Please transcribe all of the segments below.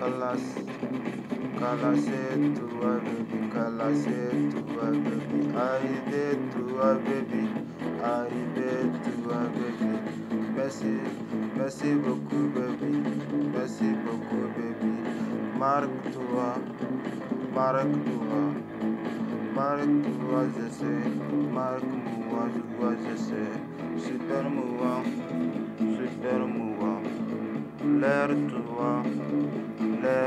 Kalas, toi baby, toi baby, bébé, baby, toi baby. Merci, merci beaucoup baby, merci beaucoup baby. Marque-toi, marque-toi, marque-toi, je sais, marque-moi, je vois, je sais. Super moua, super moua, l'air toi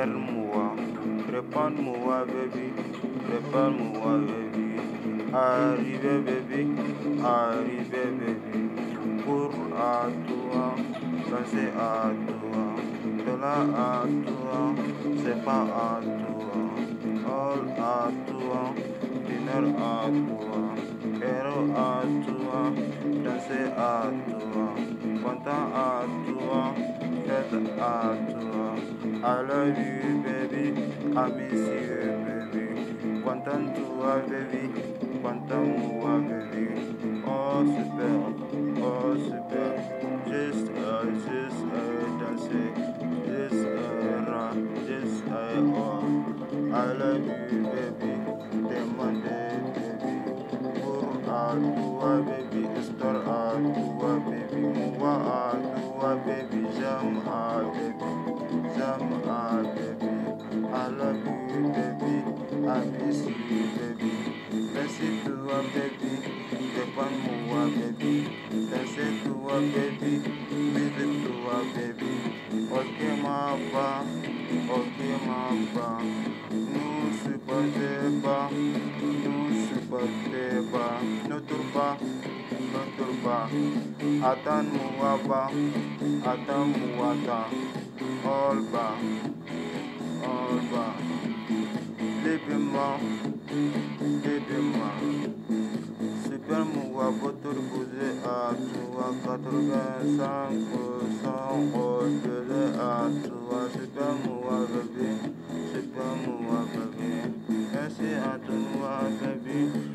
réponds moi baby, réponds-moi baby, Arrive, baby, arrive, baby, pour à toi, danser à toi, de là à toi, c'est pas à toi, all à toi, dinner à toi, héros à toi, danser à toi, content à toi, tête à toi. I love you, baby. I miss you, baby. Quantum to a, baby. Quantum to a, baby. Oh, super. Oh, super. Just, uh, just, uh, dancing. Just, uh, run. Just, uh, oh. I love you, baby. The Monday, baby. Pour out to our baby. Store out to our baby. Move out to our baby. I miss you, baby. Blessed to our baby. The one who our baby. Blessed to our baby. Visit to our baby. Okay, my ba. Okay, my ba. No super deba. No super deba. No turba. No turba. Atan muaba. Atan muata. All ba. Didema, Didema. Super Moua, votre posé à toi, 85% percent à toi. Super Moua, bébé, Super Moua, bébé. Merci à toi, bébé.